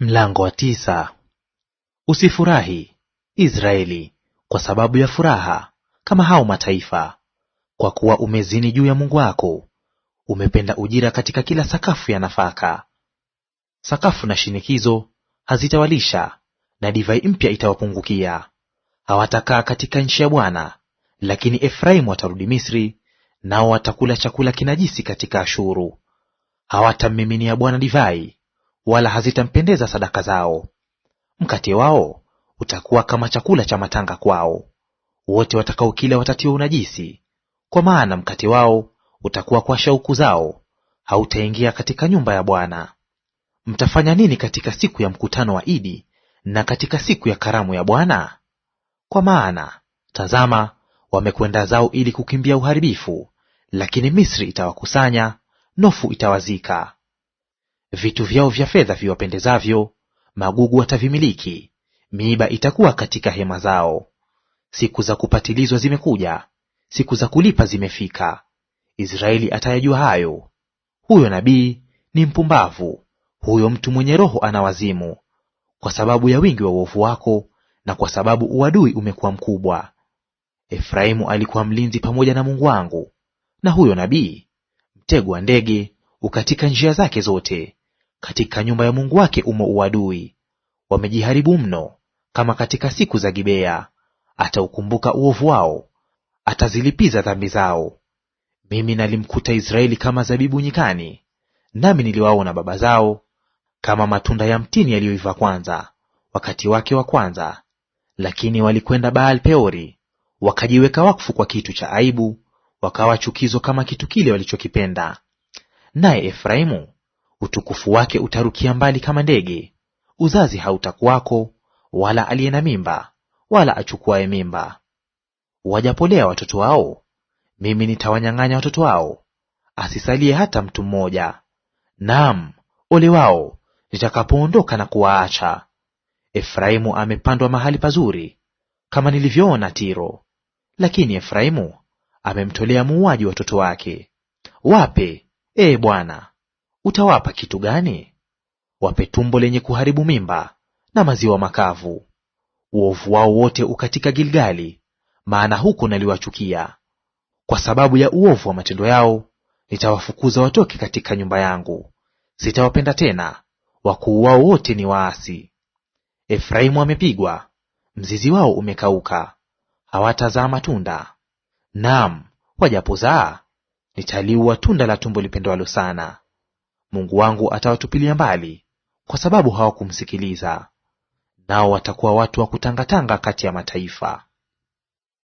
Mlango wa tisa. Usifurahi Israeli, kwa sababu ya furaha kama hao mataifa, kwa kuwa umezini juu ya Mungu wako, umependa ujira katika kila sakafu ya nafaka. Sakafu na shinikizo hazitawalisha, na divai mpya itawapungukia. Hawatakaa katika nchi ya Bwana, lakini Efraimu watarudi Misri, nao watakula chakula kinajisi katika Ashuru. Hawatammiminia Bwana divai wala hazitampendeza sadaka zao. Mkate wao utakuwa kama chakula cha matanga kwao; wote watakaokila watatiwa unajisi, kwa maana mkate wao utakuwa kwa shauku zao, hautaingia katika nyumba ya Bwana. Mtafanya nini katika siku ya mkutano wa Idi na katika siku ya karamu ya Bwana? Kwa maana tazama, wamekwenda zao ili kukimbia uharibifu, lakini Misri itawakusanya, Nofu itawazika. Vitu vyao vya fedha viwapendezavyo, magugu watavimiliki, miiba itakuwa katika hema zao. Siku za kupatilizwa zimekuja, siku za kulipa zimefika. Israeli atayajua hayo. Huyo nabii ni mpumbavu, huyo mtu mwenye roho ana wazimu, kwa sababu ya wingi wa uovu wako na kwa sababu uadui umekuwa mkubwa. Efraimu alikuwa mlinzi pamoja na Mungu wangu, na huyo nabii mtego wa ndege ukatika njia zake zote katika nyumba ya Mungu wake umo uadui. Wamejiharibu mno kama katika siku za Gibea. Ataukumbuka uovu wao, atazilipiza dhambi zao. Mimi nalimkuta Israeli kama zabibu nyikani, nami niliwaona baba zao kama matunda ya mtini yaliyoiva kwanza, wakati wake wa kwanza. Lakini walikwenda Baal Peori, wakajiweka wakfu kwa kitu cha aibu, wakawa chukizo kama kitu kile walichokipenda. Naye Efraimu utukufu wake utarukia mbali kama ndege. Uzazi hautakuwako, wala aliye na mimba, wala achukuaye mimba. Wajapolea watoto wao, mimi nitawanyang'anya watoto wao, asisalie hata mtu mmoja. Naam, ole wao nitakapoondoka na kuwaacha. Efraimu amepandwa mahali pazuri, kama nilivyoona Tiro, lakini Efraimu amemtolea muuaji watoto wake. Wape, ee Bwana, Utawapa kitu gani? Wape tumbo lenye kuharibu mimba na maziwa makavu. Uovu wao wote ukatika Gilgali, maana huko naliwachukia. Kwa sababu ya uovu wa matendo yao, nitawafukuza watoke katika nyumba yangu. Sitawapenda tena, wakuu wao wote ni waasi. Efraimu amepigwa, mzizi wao umekauka, hawatazaa matunda. Naam, wajapozaa, nitaliua tunda la tumbo lipendwalo sana. Mungu wangu atawatupilia mbali, kwa sababu hawakumsikiliza; nao watakuwa watu wa kutangatanga kati ya mataifa.